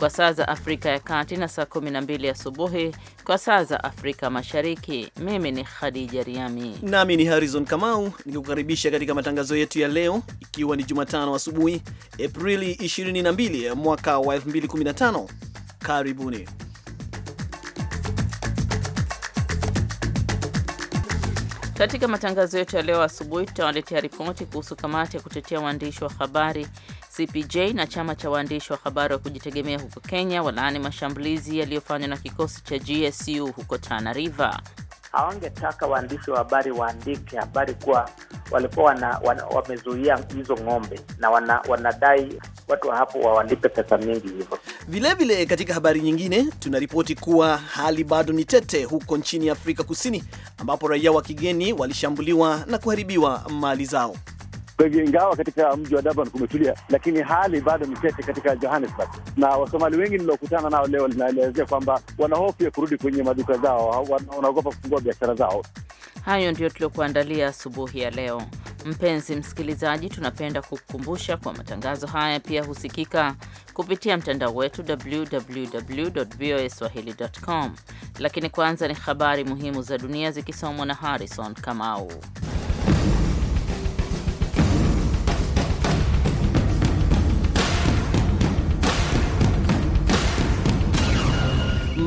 kwa saa za Afrika ya Kati na saa 12 asubuhi kwa saa za Afrika Mashariki. Mimi ni Khadija Riami nami ni Harrison Kamau nikukaribisha katika matangazo yetu ya leo, ikiwa ni Jumatano asubuhi Aprili 22 mwaka wa 2015. Karibuni. Katika matangazo yetu ya leo asubuhi, tutawaletea ripoti kuhusu kamati ya kutetea waandishi wa habari CPJ na chama cha waandishi wa habari wa kujitegemea huko Kenya walaani mashambulizi yaliyofanywa na kikosi cha GSU huko Tana River. Hawangetaka waandishi wa habari waandike habari kuwa walikuwa wamezuia hizo ng'ombe na wana, wanadai watu wa hapo wawalipe pesa mingi hivyo. Vilevile, katika habari nyingine tunaripoti kuwa hali bado ni tete huko nchini Afrika Kusini ambapo raia wa kigeni walishambuliwa na kuharibiwa mali zao. Kwa hivyo ingawa katika mji wa Durban kumetulia, lakini hali bado ni tete katika Johannesburg, na Wasomali wengi niliokutana nao leo linaelezea kwamba wanahofu ya kurudi kwenye maduka zao, wanaogopa kufungua biashara zao. Hayo ndiyo tuliokuandalia asubuhi ya leo. Mpenzi msikilizaji, tunapenda kukukumbusha kwa matangazo haya pia husikika kupitia mtandao wetu www voa swahili com. Lakini kwanza ni habari muhimu za dunia zikisomwa na Harrison Kamau.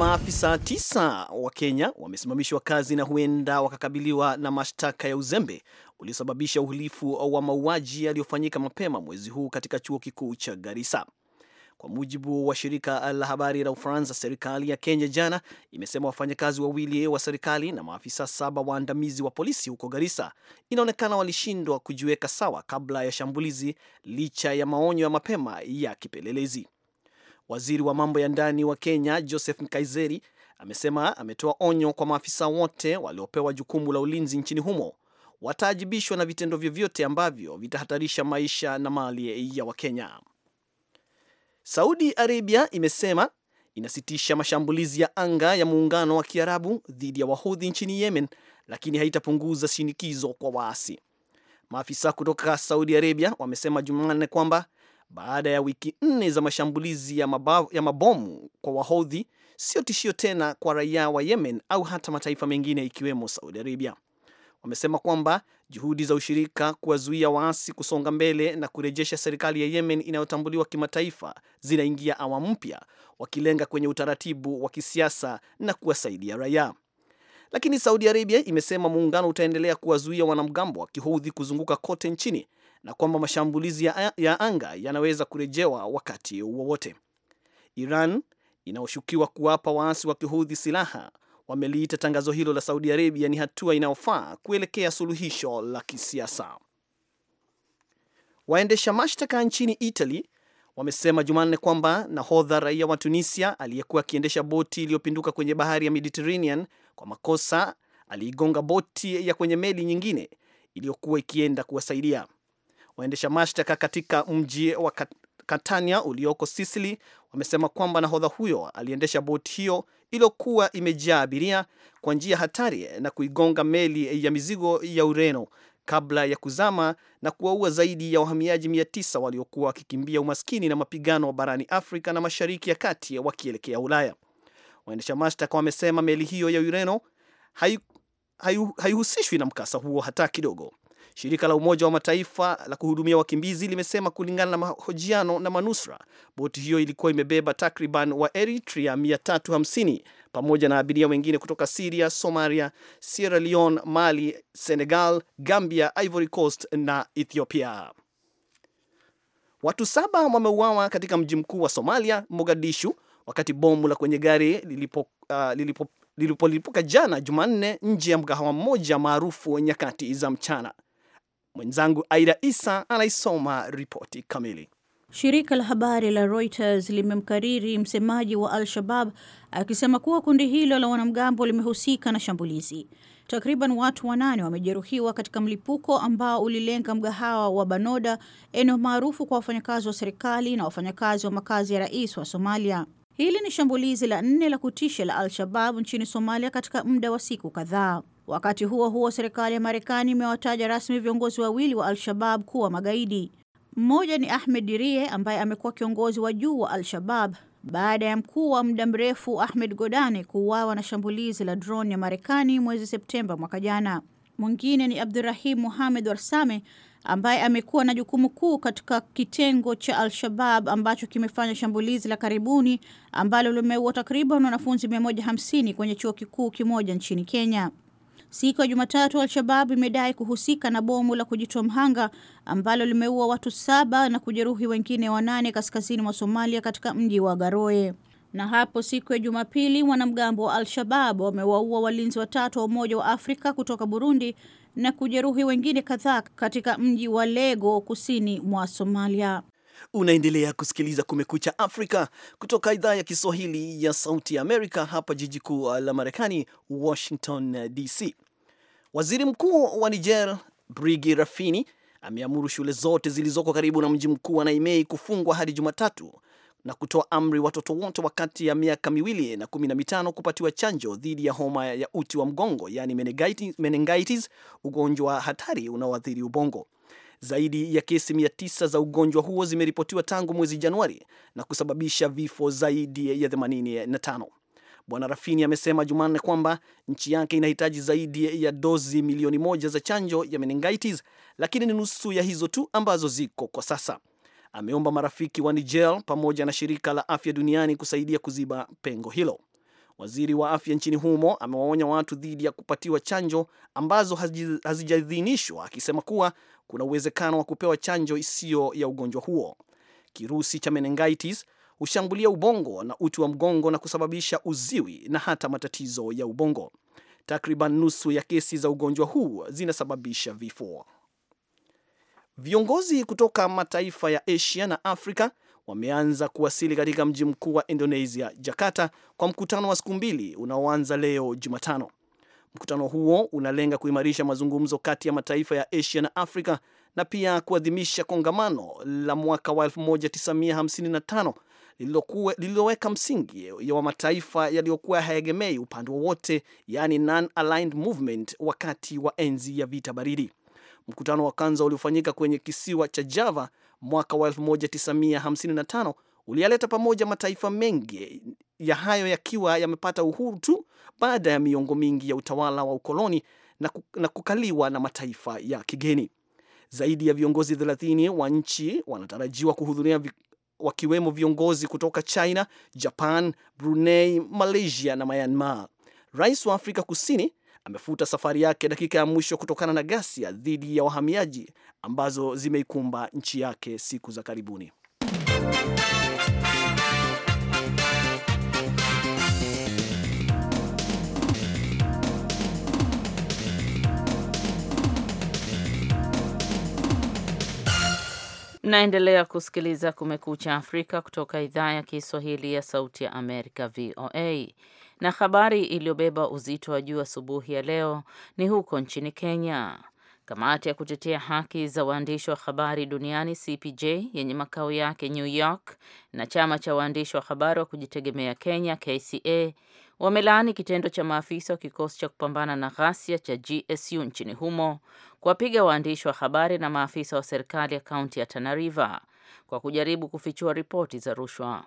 Maafisa tisa wa Kenya wamesimamishwa kazi na huenda wakakabiliwa na mashtaka ya uzembe uliosababisha uhalifu wa mauaji yaliyofanyika mapema mwezi huu katika chuo kikuu cha Garissa. Kwa mujibu wa shirika la habari la Ufaransa, serikali ya Kenya jana imesema wafanyakazi wawili wa serikali na maafisa saba waandamizi wa polisi huko Garissa inaonekana walishindwa kujiweka sawa kabla ya shambulizi licha ya maonyo ya mapema ya kipelelezi. Waziri wa mambo ya ndani wa Kenya Joseph Nkaiseri amesema ametoa onyo kwa maafisa wote waliopewa jukumu la ulinzi nchini humo, wataajibishwa na vitendo vyovyote ambavyo vitahatarisha maisha na mali ya Wakenya. Saudi Arabia imesema inasitisha mashambulizi ya anga ya muungano wa Kiarabu dhidi ya Wahudhi nchini Yemen, lakini haitapunguza shinikizo kwa waasi. Maafisa kutoka Saudi Arabia wamesema Jumanne kwamba baada ya wiki nne za mashambulizi ya, ya mabomu kwa Wahodhi sio tishio tena kwa raia wa Yemen au hata mataifa mengine ikiwemo Saudi Arabia. Wamesema kwamba juhudi za ushirika kuwazuia waasi kusonga mbele na kurejesha serikali ya Yemen inayotambuliwa kimataifa zinaingia awamu mpya, wakilenga kwenye utaratibu wa kisiasa na kuwasaidia raia. Lakini Saudi Arabia imesema muungano utaendelea kuwazuia wanamgambo wa Kihoudhi kuzunguka kote nchini na kwamba mashambulizi ya, ya anga yanaweza kurejewa wakati wowote. Iran inayoshukiwa kuwapa waasi wa kihudhi silaha wameliita tangazo hilo la Saudi Arabia ni hatua inayofaa kuelekea suluhisho la kisiasa. Waendesha mashtaka nchini Italy wamesema Jumanne kwamba nahodha raia wa Tunisia aliyekuwa akiendesha boti iliyopinduka kwenye bahari ya Mediterranean kwa makosa aliigonga boti ya kwenye meli nyingine iliyokuwa ikienda kuwasaidia. Waendesha mashtaka katika mji wa Catania ulioko Sisili wamesema kwamba nahodha huyo aliendesha boti hiyo iliyokuwa imejaa abiria kwa njia hatari na kuigonga meli ya mizigo ya Ureno kabla ya kuzama na kuwaua zaidi ya wahamiaji 9 waliokuwa wakikimbia umaskini na mapigano barani Afrika na Mashariki ya Kati wakielekea Ulaya. Waendesha mashtaka wamesema meli hiyo ya Ureno haihusishwi hai, hai na mkasa huo hata kidogo. Shirika la Umoja wa Mataifa la kuhudumia wakimbizi limesema kulingana na mahojiano na manusura, boti hiyo ilikuwa imebeba takriban Waeritrea 350 pamoja na abiria wengine kutoka Siria, Somalia, Sierra Leone, Mali, Senegal, Gambia, Ivory Coast na Ethiopia. Watu saba wameuawa katika mji mkuu wa Somalia, Mogadishu, wakati bomu la kwenye gari lilipo, uh, lilipo, lilipolipuka jana Jumanne nje ya mgahawa mmoja maarufu nyakati za mchana. Mwenzangu Aida Isa anaisoma ripoti kamili. Shirika la habari la Reuters limemkariri msemaji wa Al-Shabab akisema kuwa kundi hilo la wanamgambo limehusika na shambulizi. Takriban watu wanane wamejeruhiwa katika mlipuko ambao ulilenga mgahawa wa Banoda, eneo maarufu kwa wafanyakazi wa serikali na wafanyakazi wa makazi ya rais wa Somalia. Hili ni shambulizi la nne la kutisha la Al-Shabab nchini Somalia katika muda wa siku kadhaa. Wakati huo huo, serikali ya Marekani imewataja rasmi viongozi wawili wa Al-Shabab kuwa magaidi. Mmoja ni Ahmed Dirie ambaye amekuwa kiongozi wa juu wa Al-Shabab baada ya mkuu wa muda mrefu Ahmed Godane kuuawa na shambulizi la drone ya Marekani mwezi Septemba mwaka jana. Mwingine ni Abdurahim Muhamed Warsame ambaye amekuwa na jukumu kuu katika kitengo cha Al-Shabab ambacho kimefanya shambulizi la karibuni ambalo limeua takriban wanafunzi 150 kwenye chuo kikuu kimoja nchini Kenya. Siku ya Jumatatu, Al-Shabab imedai kuhusika na bomu la kujitoa mhanga ambalo limeua watu saba na kujeruhi wengine wanane kaskazini mwa Somalia katika mji wa Garoe. Na hapo siku ya Jumapili, wanamgambo wa Al-Shabab wamewaua walinzi watatu wa Umoja wa Afrika kutoka Burundi na kujeruhi wengine kadhaa katika mji wa Lego kusini mwa Somalia. Unaendelea kusikiliza Kumekucha Afrika kutoka idhaa ya Kiswahili ya Sauti ya Amerika, hapa jiji kuu la Marekani, Washington DC. Waziri Mkuu wa Niger Brigi Rafini ameamuru shule zote zilizoko karibu na mji mkuu wa Naimei kufungwa hadi Jumatatu na kutoa amri watoto wote wakati ya miaka miwili na kumi na mitano kupatiwa chanjo dhidi ya homa ya uti wa mgongo, yaani meningitis, ugonjwa hatari unaoathiri ubongo. Zaidi ya kesi 9 za ugonjwa huo zimeripotiwa tangu mwezi Januari na kusababisha vifo zaidi ya 85. Bwana Rafini amesema Jumanne kwamba nchi yake inahitaji zaidi ya dozi milioni moja za chanjo ya meningitis, lakini ni nusu ya hizo tu ambazo ziko kwa sasa. Ameomba marafiki wa Niger pamoja na shirika la afya duniani kusaidia kuziba pengo hilo. Waziri wa afya nchini humo amewaonya watu dhidi ya kupatiwa chanjo ambazo hazijaidhinishwa, akisema kuwa kuna uwezekano wa kupewa chanjo isiyo ya ugonjwa huo. Kirusi cha meningitis hushambulia ubongo na uti wa mgongo na kusababisha uziwi na hata matatizo ya ubongo. Takriban nusu ya kesi za ugonjwa huu zinasababisha vifo. Viongozi kutoka mataifa ya Asia na Afrika wameanza kuwasili katika mji mkuu wa Indonesia, Jakarta, kwa mkutano wa siku mbili unaoanza leo Jumatano. Mkutano huo unalenga kuimarisha mazungumzo kati ya mataifa ya Asia na Afrika na pia kuadhimisha kongamano la mwaka wa 1955 lililoweka msingi ya wa mataifa yaliyokuwa hayegemei upande wowote, yaani non-aligned movement, wakati wa enzi ya vita baridi. Mkutano wa kwanza uliofanyika kwenye kisiwa cha Java mwaka wa 1955 ulialeta pamoja mataifa mengi ya hayo yakiwa yamepata uhuru tu baada ya miongo mingi ya utawala wa ukoloni na kukaliwa na mataifa ya kigeni. Zaidi ya viongozi 30 wa nchi wanatarajiwa kuhudhuria wakiwemo viongozi kutoka China, Japan, Brunei, Malaysia na Myanmar. Rais wa Afrika Kusini amefuta safari yake dakika ya mwisho kutokana na ghasia dhidi ya wahamiaji ambazo zimeikumba nchi yake siku za karibuni. naendelea kusikiliza Kumekucha Afrika kutoka idhaa ya Kiswahili ya Sauti ya Amerika, VOA. Na habari iliyobeba uzito wa juu asubuhi ya leo ni huko nchini Kenya. Kamati ya kutetea haki za waandishi wa habari duniani CPJ yenye makao yake New York na chama cha waandishi wa habari wa kujitegemea Kenya KCA wamelaani kitendo cha maafisa wa kikosi cha kupambana na ghasia cha GSU nchini humo kuwapiga waandishi wa habari na maafisa wa serikali ya kaunti ya Tana River kwa kujaribu kufichua ripoti za rushwa.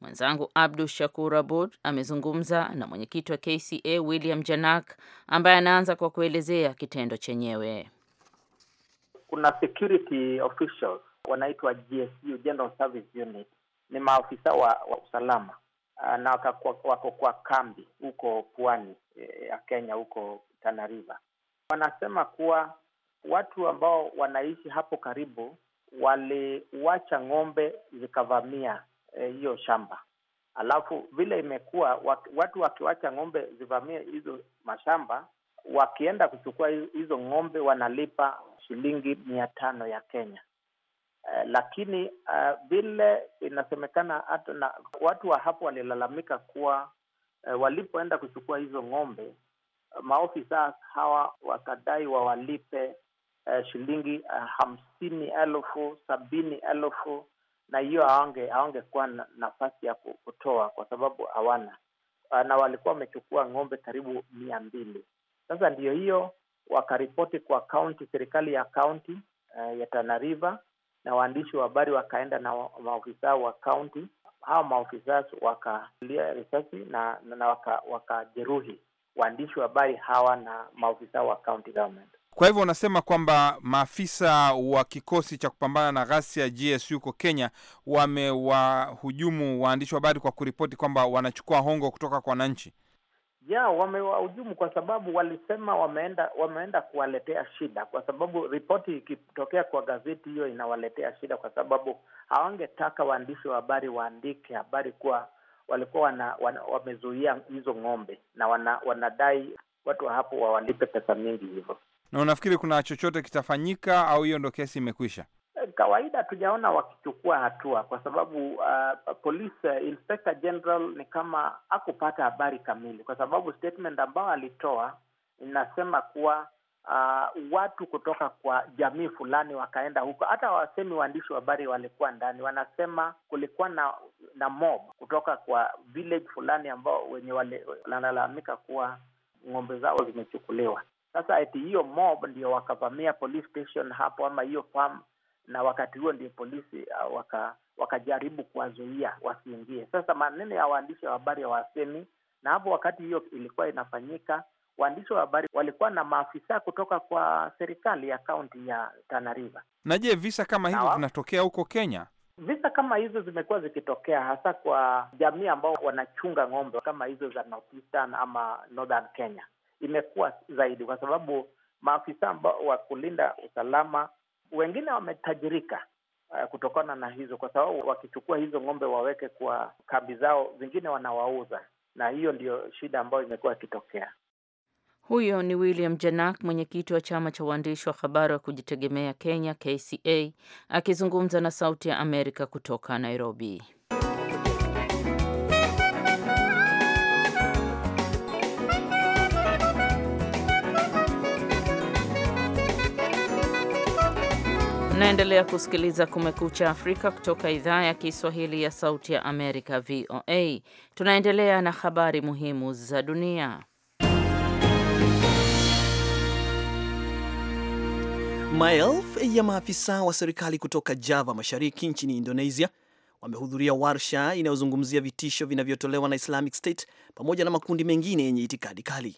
Mwenzangu Abdu Shakur Abud amezungumza na mwenyekiti wa KCA William Janak ambaye anaanza kwa kuelezea kitendo chenyewe. Kuna security officials wanaitwa GSU, General Service Unit, ni maafisa wa, wa usalama Ah, na wako kwa, kwa kambi huko pwani eh, ya Kenya, huko Tana River. Wanasema kuwa watu ambao wanaishi hapo karibu waliwacha ng'ombe zikavamia eh, hiyo e, shamba. Alafu vile imekuwa watu wakiwacha ng'ombe zivamie hizo mashamba, wakienda kuchukua hizo ng'ombe wanalipa shilingi mia tano ya Kenya. Eh, lakini uh, vile inasemekana hata na watu wa hapo walilalamika kuwa uh, walipoenda kuchukua hizo ng'ombe uh, maofisa hawa wakadai wawalipe uh, shilingi uh, hamsini elfu sabini elfu na hiyo hawangekuwa nafasi ya kutoa kwa sababu hawana uh, na walikuwa wamechukua ng'ombe karibu mia mbili. Sasa ndio hiyo wakaripoti kwa kaunti, serikali ya kaunti uh, ya tanariva na waandishi wa habari wakaenda na maofisa wa kaunti. Hawa maofisa wakalia risasi na, na wakajeruhi waka waandishi wa habari hawa na maofisa wa county government. Kwa hivyo unasema kwamba maafisa wa kikosi cha kupambana na ghasia GSU huko Kenya wamewahujumu waandishi wa habari kwa kuripoti kwamba wanachukua hongo kutoka kwa wananchi ya wamewahujumu kwa sababu walisema wameenda wameenda kuwaletea shida, kwa sababu ripoti ikitokea kwa gazeti hiyo inawaletea shida, kwa sababu hawangetaka waandishi wa habari waandike habari kuwa walikuwa wana, wana, wamezuia hizo ng'ombe na wana, wanadai watu wa hapo wawalipe pesa mingi hivyo. Na unafikiri kuna chochote kitafanyika au hiyo ndo kesi imekwisha? Eh, kawaida hatujaona wakichukua hatua, kwa sababu uh, police uh, inspector general ni kama hakupata habari kamili, kwa sababu statement ambayo alitoa inasema kuwa uh, watu kutoka kwa jamii fulani wakaenda huko. Hata wasemi waandishi wa habari walikuwa ndani, wanasema kulikuwa na na mob kutoka kwa village fulani ambao wenye wanalalamika kuwa ng'ombe zao zimechukuliwa. Sasa eti hiyo mob ndio wakavamia police station hapo ama hiyo farm na wakati huo ndio polisi uh, waka, wakajaribu kuwazuia wasiingie. Sasa maneno ya waandishi wa habari hawasemi, na hapo wakati hiyo ilikuwa inafanyika, waandishi wa habari walikuwa na maafisa kutoka kwa serikali ya kaunti ya Tana River. Na je, visa kama hivyo vinatokea huko Kenya? Visa kama hizo zimekuwa zikitokea hasa kwa jamii ambao wanachunga ng'ombe kama hizo za North ama Northern Kenya, imekuwa zaidi kwa sababu maafisa ambao wa kulinda usalama wengine wametajirika uh, kutokana na hizo, kwa sababu wakichukua hizo ng'ombe waweke kwa kambi zao, zingine wanawauza, na hiyo ndio shida ambayo imekuwa ikitokea. Huyo ni William Janak, mwenyekiti wa chama cha waandishi wa habari wa kujitegemea Kenya, KCA, akizungumza na Sauti ya Amerika kutoka Nairobi. unaendelea kusikiliza Kumekucha Afrika kutoka idhaa ya Kiswahili ya Sauti ya Amerika, VOA. Tunaendelea na habari muhimu za dunia. Maelfu ya maafisa wa serikali kutoka Java Mashariki nchini Indonesia wamehudhuria warsha inayozungumzia vitisho vinavyotolewa na Islamic State pamoja na makundi mengine yenye itikadi kali.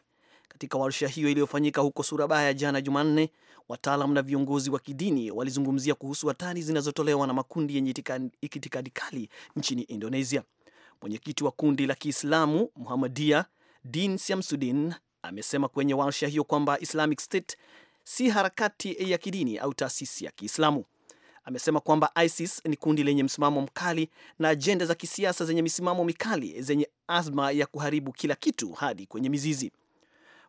Katika warsha hiyo iliyofanyika huko Surabaya jana Jumanne, wataalam na viongozi wa kidini walizungumzia kuhusu hatari zinazotolewa na makundi yenye itikadi kali nchini Indonesia. Mwenyekiti wa kundi la Kiislamu Muhammadia Din Syamsuddin amesema kwenye warsha hiyo kwamba Islamic State si harakati ya kidini au taasisi ya Kiislamu. Amesema kwamba ISIS ni kundi lenye msimamo mkali na ajenda za kisiasa zenye misimamo mikali zenye azma ya kuharibu kila kitu hadi kwenye mizizi.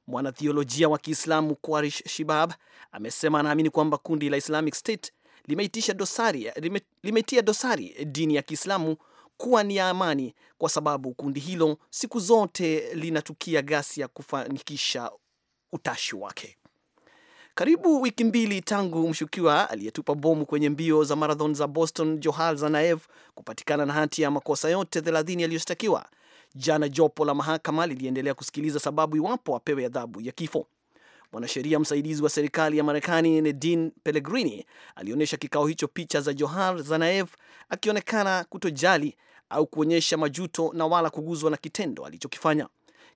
Mwanathiolojia wa Kiislamu Kwarish Shibab amesema anaamini kwamba kundi la Islamic State limeitia dosari, lime, limeitia dosari dini ya Kiislamu kuwa ni ya amani kwa sababu kundi hilo siku zote linatukia ghasia kufanikisha utashi wake. Karibu wiki mbili tangu mshukiwa aliyetupa bomu kwenye mbio za marathon za Boston Johal Zanaev kupatikana na hati ya makosa yote 30 yaliyoshtakiwa, Jana jopo la mahakama liliendelea kusikiliza sababu iwapo apewe adhabu ya kifo. Mwanasheria msaidizi wa serikali ya Marekani Nadine Pellegrini alionyesha kikao hicho picha za Johar Zanaev akionekana kutojali au kuonyesha majuto na wala kuguzwa na kitendo alichokifanya.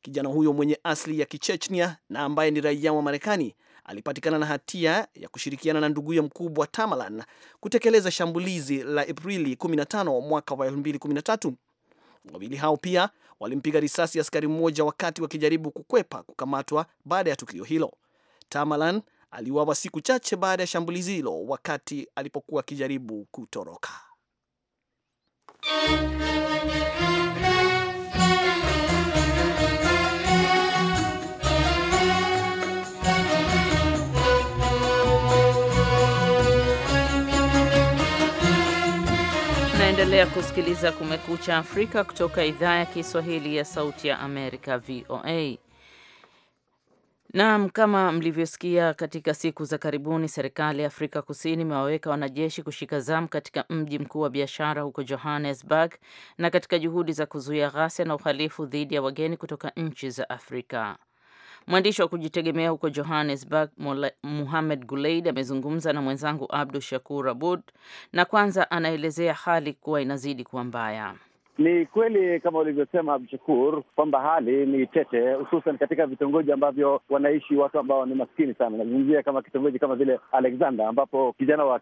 Kijana huyo mwenye asili ya Kichechnia na ambaye ni raia wa Marekani alipatikana na hatia ya kushirikiana na nduguye mkubwa Tamalan kutekeleza shambulizi la Aprili 15 mwaka wa Wawili hao pia walimpiga risasi askari mmoja wakati wakijaribu kukwepa kukamatwa baada ya tukio hilo. tamalan aliuawa siku chache baada ya shambulizi hilo wakati alipokuwa akijaribu kutoroka. Unaendelea kusikiliza Kumekucha Afrika kutoka idhaa ya Kiswahili ya Sauti ya Amerika, VOA. Naam, kama mlivyosikia, katika siku za karibuni serikali ya Afrika Kusini imewaweka wanajeshi kushika zamu katika mji mkuu wa biashara huko Johannesburg, na katika juhudi za kuzuia ghasia na uhalifu dhidi ya wageni kutoka nchi za Afrika. Mwandishi wa kujitegemea huko Johannesburg, Muhamed Guleid amezungumza na mwenzangu Abdu Shakur Abud, na kwanza anaelezea hali kuwa inazidi kuwa mbaya. Ni kweli kama ulivyosema Abdushakur kwamba hali ni tete, hususan katika vitongoji ambavyo wanaishi watu ambao ni maskini sana. Nazungumzia kama kitongoji kama vile Alexander ambapo kijana wa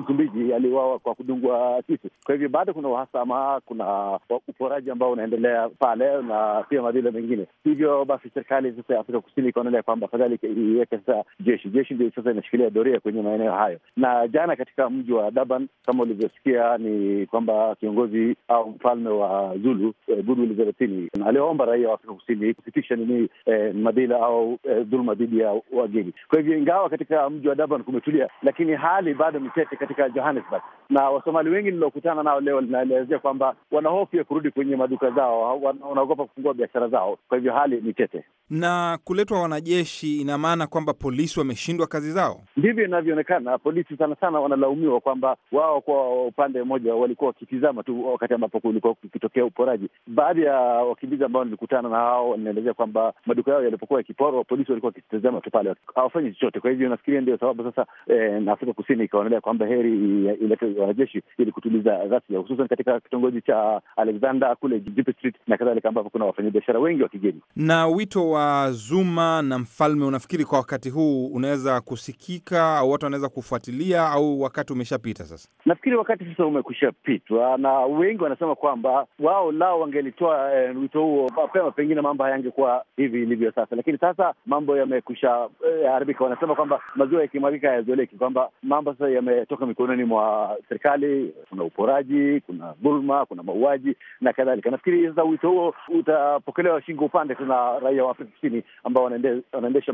Msumbiji aliuawa kwa kudungwa kisu. Kwa hivyo bado kuna uhasama, kuna uporaji ambao unaendelea pale na pia madhila mengine. Hivyo basi serikali sasa ya Afrika Kusini ikaonelea kwamba afadhali iweke sasa jeshi. Jeshi ndio sasa inashikilia doria kwenye maeneo hayo, na jana katika mji wa Durban kama ulivyosikia ni kwamba kiongozi au mfalme muungano wa Zulu eh, Goodwill Zwelithini aliwaomba raia wa Afrika Kusini kusitisha nini eh, madhila au eh, dhuluma dhidi ya wageni. Kwa hivyo ingawa katika mji wa Durban kumetulia, lakini hali bado ni tete katika Johannesburg, na Wasomali wengi niliokutana nao leo linaelezea kwamba wanahofu ya kurudi kwenye maduka zao, wanaogopa kufungua biashara zao. Kwa hivyo hali ni tete. Na kuletwa wanajeshi, ina maana kwamba polisi wameshindwa kazi zao? Ndivyo inavyoonekana. Polisi sana sana wanalaumiwa kwamba wao kwa upande mmoja walikuwa wakitizama tu wakati ambapo kulikuwa kukitokea uporaji. Baadhi ya wakimbizi ambao nilikutana na hao wanaelezea kwamba maduka yao yalipokuwa yakiporwa, polisi walikuwa wakitizama tu pale, hawafanyi chochote. Kwa hivyo nafikiria ndio sababu sasa eh, na Afrika Kusini ikaonelea kwamba heri ilete wanajeshi ili kutuliza ghasia, hususan katika kitongoji cha Alexander kule Street na kadhalika, ambapo kuna wafanyabiashara wengi wa kigeni na wito wa wa Zuma na mfalme, unafikiri kwa wakati huu unaweza kusikika au watu wanaweza kufuatilia au wakati umeshapita sasa? Nafikiri wakati sasa umekushapitwa, na wengi wanasema kwamba wao lao wangelitoa e, wito huo mapema, pengine mambo hayangekuwa hivi ilivyo sasa, lakini sasa mambo yamekusha eh, haribika. Wanasema kwamba maziwa yakimwagika hayazoeleki, kwamba mambo sasa yametoka mikononi mwa serikali. Kuna uporaji, kuna dhuluma, kuna mauaji na kadhalika. Nafikiri sasa wito huo utapokelewa shingo upande kuna raia wa Afrika kusini ambao wanaendesha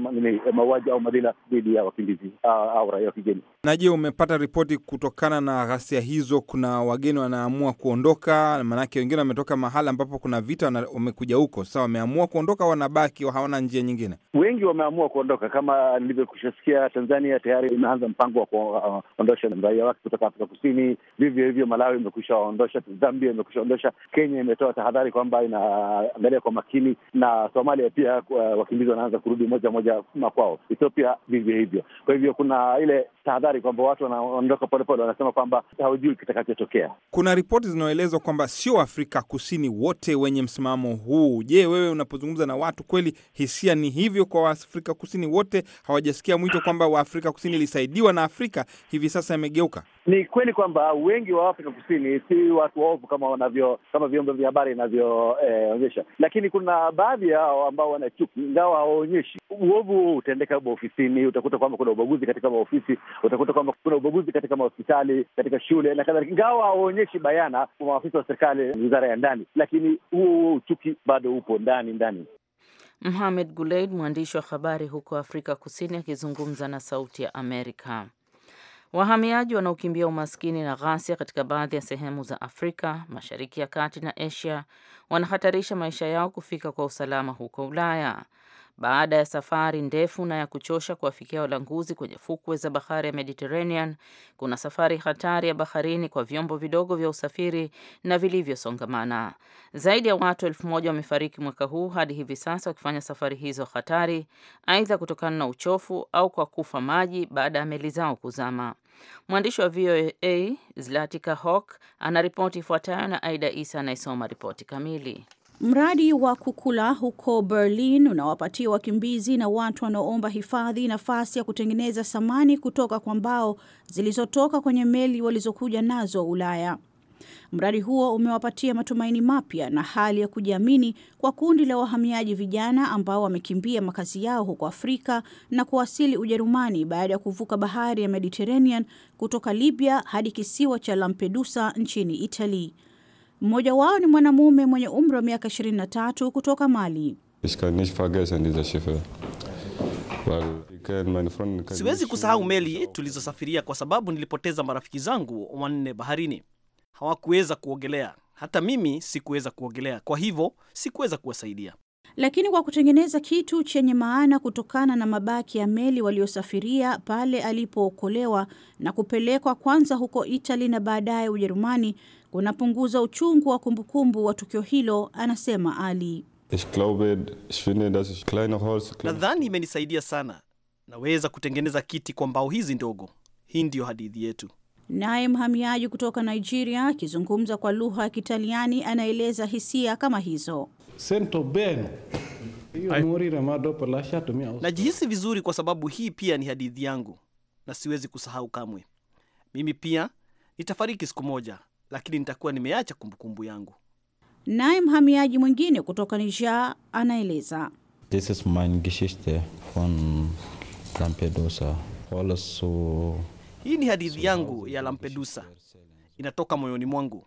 mauaji au madhila dhidi ya wakimbizi au raia wa kigeni. Na je, umepata ripoti kutokana na ghasia hizo, kuna wageni wanaamua kuondoka? Maanake wengine wametoka mahala ambapo kuna vita, wamekuja huko. Sasa wameamua kuondoka, wanabaki, hawana njia nyingine. Wengi wameamua kuondoka, kama nilivyokushasikia, Tanzania tayari imeanza mpango wa kuondosha raia wake kutoka Afrika Kusini. Vivyo hivyo, Malawi imekusha waondosha, Zambia imekusha ondosha, Kenya imetoa tahadhari kwamba inaangalia kwa makini, na Somalia pia wakimbizi wanaanza kurudi moja moja makwao. Ethiopia vivyo hivyo. Kwa hivyo kuna ile tahadhari kwamba watu wanaondoka polepole, wanasema kwamba haujui kitakachotokea. Kuna ripoti zinaoelezwa kwamba sio Afrika Kusini wote wenye msimamo huu. Je, wewe unapozungumza na watu, kweli hisia ni hivyo kwa Waafrika Kusini wote? Hawajasikia mwito kwamba Waafrika Kusini ilisaidiwa na Afrika hivi sasa yamegeuka? Ni kweli kwamba wengi wa Afrika Kusini si watu waovu kama wanavyo kama vyombo vya habari inavyoonyesha eh, lakini kuna baadhi yao ambao wana chuki, ingawa hawaonyeshi uovu huu. Utaendeka ofisini, utakuta kwamba kuna ubaguzi katika maofisi, utakuta kwamba kuna ubaguzi katika mahospitali, katika shule na kadhalika, ingawa hawaonyeshi bayana kwa maafisa wa serikali, wizara ya ndani, lakini huo huo uchuki bado upo ndani ndani. Mohamed Guleid, mwandishi wa habari huko Afrika Kusini, akizungumza na Sauti ya Amerika. Wahamiaji wanaokimbia umaskini na ghasia katika baadhi ya sehemu za Afrika, Mashariki ya Kati na Asia wanahatarisha maisha yao kufika kwa usalama huko Ulaya baada ya safari ndefu na ya kuchosha kuwafikia walanguzi kwenye fukwe za bahari ya Mediterranean, kuna safari hatari ya baharini kwa vyombo vidogo vya usafiri na vilivyosongamana. Zaidi ya watu elfu moja wamefariki mwaka huu hadi hivi sasa wakifanya safari hizo hatari, aidha kutokana na uchofu au kwa kufa maji baada ya meli zao kuzama. Mwandishi wa VOA Zlatica ana anaripoti ifuatayo na Aida Isa anayesoma ripoti kamili. Mradi wa kukula huko Berlin unawapatia wakimbizi na watu wanaoomba hifadhi nafasi ya kutengeneza samani kutoka kwa mbao zilizotoka kwenye meli walizokuja nazo Ulaya. Mradi huo umewapatia matumaini mapya na hali ya kujiamini kwa kundi la wahamiaji vijana ambao wamekimbia makazi yao huko Afrika na kuwasili Ujerumani baada ya kuvuka bahari ya Mediterranean kutoka Libya hadi kisiwa cha Lampedusa nchini Italy. Mmoja wao ni mwanamume mwenye umri wa miaka 23 kutoka Mali. Siwezi kusahau meli tulizosafiria kwa sababu nilipoteza marafiki zangu wanne baharini. Hawakuweza kuogelea, hata mimi sikuweza kuogelea, kwa hivyo sikuweza kuwasaidia. Lakini kwa kutengeneza kitu chenye maana kutokana na mabaki ya meli waliosafiria pale alipookolewa na kupelekwa kwanza huko Itali na baadaye Ujerumani kunapunguza uchungu wa kumbukumbu wa tukio hilo, anasema Ali. Nadhani imenisaidia sana, naweza kutengeneza kiti kwa mbao hizi ndogo. Hii ndiyo hadithi yetu. Naye mhamiaji kutoka Nigeria akizungumza kwa lugha ya Kitaliani anaeleza hisia kama hizo. Najihisi vizuri kwa sababu hii pia ni hadithi yangu na siwezi kusahau kamwe. Mimi pia nitafariki siku moja lakini nitakuwa nimeacha kumbukumbu yangu. Naye mhamiaji mwingine kutoka Niger anaeleza, This is Geschichte von Lampedusa. hii ni hadithi yangu ya Lampedusa, inatoka moyoni mwangu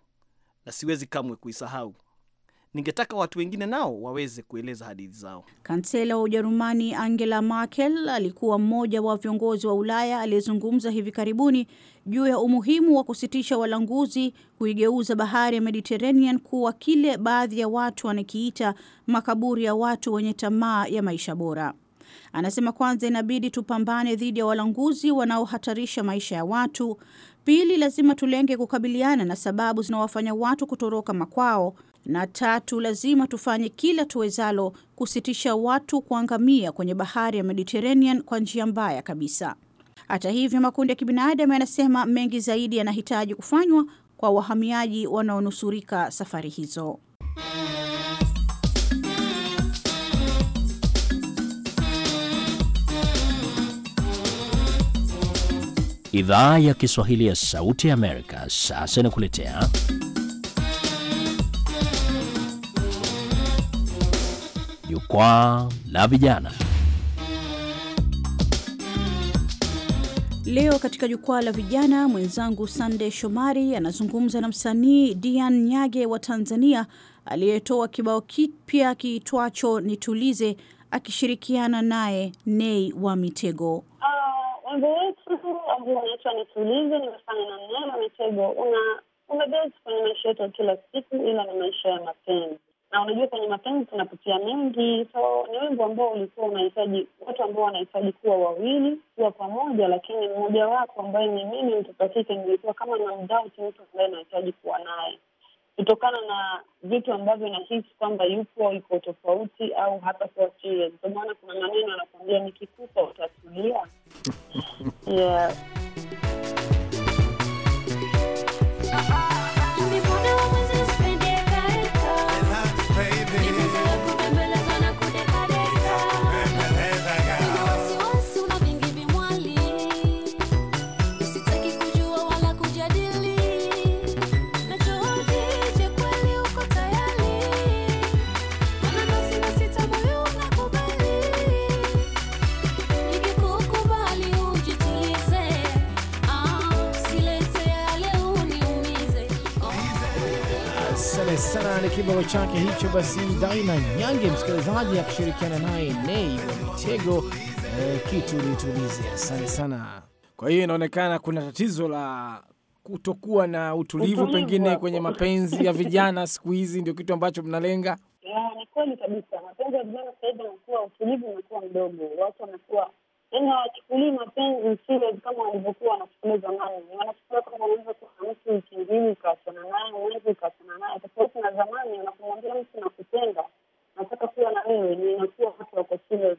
na siwezi kamwe kuisahau. Ningetaka watu wengine nao waweze kueleza hadithi zao. Kansela wa Ujerumani Angela Merkel alikuwa mmoja wa viongozi wa Ulaya aliyezungumza hivi karibuni juu ya umuhimu wa kusitisha walanguzi kuigeuza bahari ya Mediterranean kuwa kile baadhi ya watu wanakiita makaburi ya watu wenye tamaa ya maisha bora. Anasema kwanza, inabidi tupambane dhidi ya walanguzi wanaohatarisha maisha ya watu. Pili, lazima tulenge kukabiliana na sababu zinawafanya watu kutoroka makwao na tatu, lazima tufanye kila tuwezalo kusitisha watu kuangamia kwenye bahari ya Mediterranean kwa njia mbaya kabisa. Hata hivyo, makundi ya kibinadamu yanasema mengi zaidi yanahitaji kufanywa kwa wahamiaji wanaonusurika safari hizo. Idhaa ya Kiswahili ya Sauti ya Amerika sasa inakuletea Jukwaa la Vijana. Leo katika Jukwaa la Vijana, mwenzangu Sande Shomari anazungumza na msanii Dian Nyage wa Tanzania aliyetoa kibao kipya kiitwacho Nitulize akishirikiana naye Nei wa Mitego. Ah, wimbo wetu ambao unaitwa Nitulize nimefanya na Nei wa Mitego una kwenye maisha yetu ya kila siku, ila ni maisha ya mapenzi na unajua kwenye mapenzi tunapitia mengi, so ni wimbo ambao ulikuwa unahitaji watu ambao wanahitaji kuwa wawili, kuwa pamoja, lakini mmoja wako ambaye ni mimi mtupatike, nilikuwa kama na mdauti mtu ambaye nahitaji kuwa naye kutokana na vitu ambavyo nahisi kwamba yupo iko tofauti au hata sawa. Ndio maana kuna maneno anakuambia nikikupa utatulia. yeah. Ah, ah. Asante sana, ni kibao chake hicho basi, Daima Nyange msikilizaji akishirikiana naye Nei wa Mitego eh, kitu nitulize. Asante sana. Kwa hiyo inaonekana kuna tatizo la kutokuwa na utulivu, utulivu pengine wa, kwenye mapenzi ya vijana siku hizi, ndio kitu ambacho mnalenga. Ni kweli kabisa, mapenzi ya vijana sasa hivi yanakuwa, utulivu unakuwa mdogo, watu wanakuwa tena yaani hawachukulii mapenzi serious kama walivyokuwa wanachukulia zamani. Wanachukulia kama unaweza kuwa na mtu wiki mbili ukaachana naye, mwezi uka tofauti na zamani, unapomwambia mtu nakupenda, nataka kuwa na wewe, ni watu wako chini.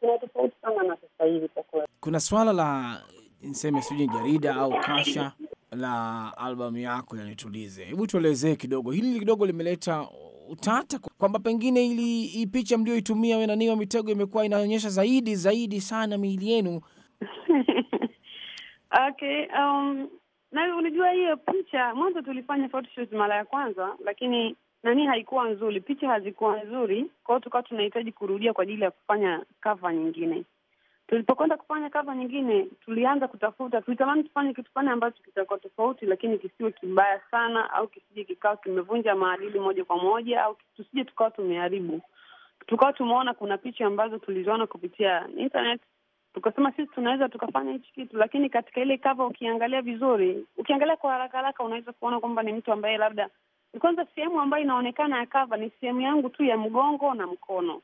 Kuna tofauti sana na sasa hivi kwa kweli. Kuna swala la niseme sijui jarida au kasha la albamu yako yanitulize, hebu tuelezee kidogo hili. Kidogo limeleta utata kwamba pengine ili hii picha mlioitumia wenani wa mitego imekuwa inaonyesha zaidi zaidi sana miili yenu. Okay, um, na unajua hiyo picha mwanzo tulifanya photoshoot mara ya kwanza, lakini nani haikuwa nzuri, picha hazikuwa nzuri. Kwa hiyo tukawa tunahitaji kurudia kwa ajili ya kufanya kava nyingine. Tulipokwenda kufanya kava nyingine, tulianza kutafuta, tulitamani tufanye kitu fani ambacho kitakuwa tofauti, lakini kisiwe kibaya sana, au kisije kikawa kimevunja maadili moja kwa moja, au tusije tukawa tumeharibu. Tukawa tumeona kuna picha ambazo tuliziona kupitia internet tukasema sisi tunaweza tukafanya hichi kitu, lakini katika ile kava ukiangalia vizuri, ukiangalia kwa haraka haraka, unaweza kuona kwamba ni mtu ambaye labda kwanza sehemu ambayo inaonekana ya kava ni sehemu yangu tu ya mgongo na mkono,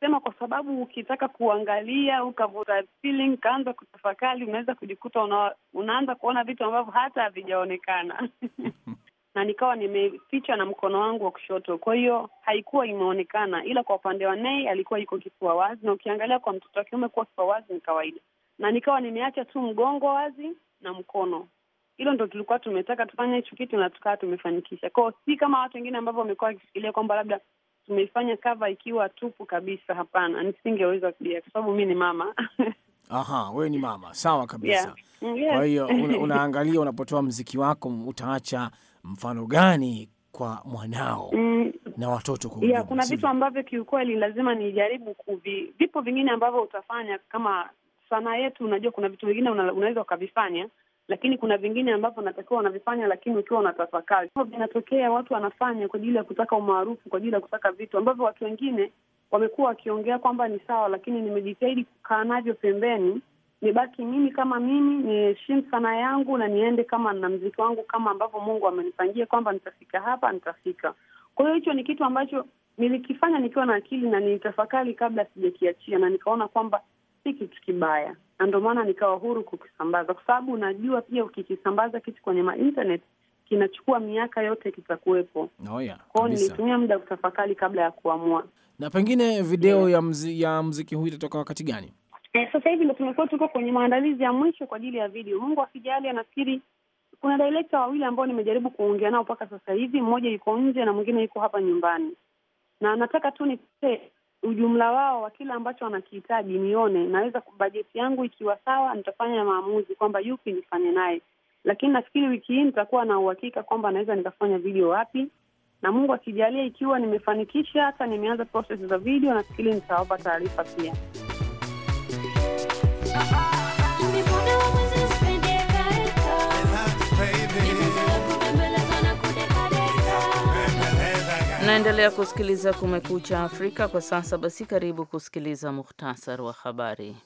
sema kwa sababu ukitaka kuangalia ukavuta feeling kaanza kutafakari, unaweza kujikuta una, unaanza kuona vitu ambavyo hata havijaonekana na nikawa nimeficha na mkono wangu wa kushoto, kwa hiyo haikuwa imeonekana, ila kwa upande wa Nei alikuwa iko kifua wazi, na ukiangalia kwa mtoto wa kiume kuwa kifua wazi ni kawaida, na nikawa nimeacha tu mgongo wazi na mkono. Hilo ndo tulikuwa tumetaka tufanye hicho kitu na tukawa tumefanikisha kwao, si kama watu wengine ambavyo wamekuwa wakifikiria kwamba labda tumeifanya kava ikiwa tupu kabisa. Hapana, nisingeweza kudia kwa sababu mi ni mama Aha, wewe ni mama, sawa kabisa. Yeah. Mm, yeah. Kwa hiyo una, unaangalia unapotoa mziki wako utaacha mfano gani kwa mwanao mm, na watoto kwa yeah, kuna vitu ambavyo kiukweli lazima nijaribu kuvi, vipo vingine ambavyo utafanya kama sanaa yetu. Unajua, kuna vitu vingine una, unaweza ukavifanya, lakini kuna vingine ambavyo unatakiwa unavifanya, lakini ukiwa unatafakari. Hivyo vinatokea, watu wanafanya kwa ajili ya kutaka umaarufu, kwa ajili ya kutaka vitu ambavyo watu wengine wamekuwa wakiongea kwamba ni sawa, lakini nimejitahidi kukaa navyo pembeni nibaki mimi kama mimi, niheshimu sana yangu na niende kama na mziki wangu kama ambavyo Mungu amenipangia kwamba nitafika hapa, nitafika. Kwa hiyo hicho ni kitu ambacho nilikifanya nikiwa na akili na nilitafakari kabla sijakiachia, na nikaona kwamba si kitu kibaya, na ndio maana nikawa huru kukisambaza, kwa sababu unajua pia ukikisambaza kitu kwenye ma internet kinachukua miaka yote kitakuwepo. Oh yeah, kwao nilitumia muda kutafakari kabla ya kuamua. Na pengine video yeah, ya, mzi, ya mziki huu itatoka wakati gani? E, sasa hivi ndo tumekuwa tuko kwenye maandalizi ya mwisho kwa ajili ya video. Mungu akijali, anafikiri kuna director wawili ambao nimejaribu kuongea nao mpaka sasa hivi, mmoja yuko nje na mwingine yuko hapa nyumbani, na nataka tu nipe ujumla wao wa kile ambacho wanakihitaji, nione naweza, bajeti yangu ikiwa sawa, nitafanya maamuzi kwamba yupi nifanye naye, lakini nafikiri wiki hii nitakuwa na uhakika kwamba naweza nikafanya video wapi, na Mungu akijalia, ikiwa nimefanikisha hata nimeanza process za video, nafikiri nitawapa taarifa pia. Naendelea kusikiliza Kumekucha Afrika kwa sasa. Basi karibu kusikiliza muhtasari wa habari.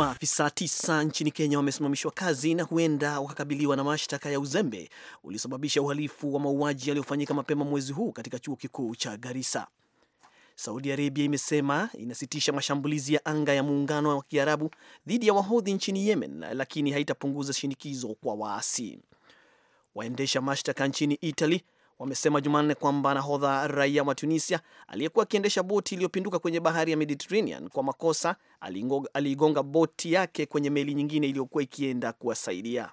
Maafisa tisa nchini Kenya wamesimamishwa kazi na huenda wakakabiliwa na mashtaka ya uzembe uliosababisha uhalifu wa mauaji yaliyofanyika mapema mwezi huu katika chuo kikuu cha Garissa. Saudi Arabia imesema inasitisha mashambulizi ya anga ya muungano wa Kiarabu dhidi ya Wahodhi nchini Yemen, lakini haitapunguza shinikizo kwa waasi. Waendesha mashtaka nchini Italy wamesema Jumanne kwamba nahodha raia wa Tunisia aliyekuwa akiendesha boti iliyopinduka kwenye bahari ya Mediterranean kwa makosa aliigonga boti yake kwenye meli nyingine iliyokuwa ikienda kuwasaidia.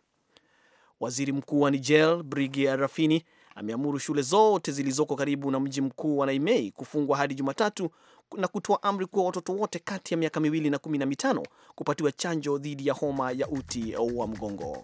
Waziri mkuu wa Niger Brigi Rafini ameamuru shule zote zilizoko karibu na mji mkuu wa Naimei kufungwa hadi Jumatatu na kutoa amri kuwa watoto wote kati ya miaka miwili na kumi na mitano kupatiwa chanjo dhidi ya homa ya uti wa mgongo.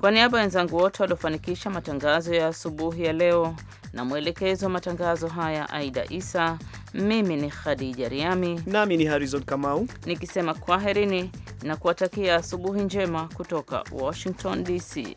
Kwa niaba ya wenzangu wote waliofanikisha matangazo ya asubuhi ya leo na mwelekezo wa matangazo haya Aida Isa, mimi ni Khadija Riami nami ni Harrison Kamau nikisema kwaherini na kuwatakia asubuhi njema kutoka Washington DC.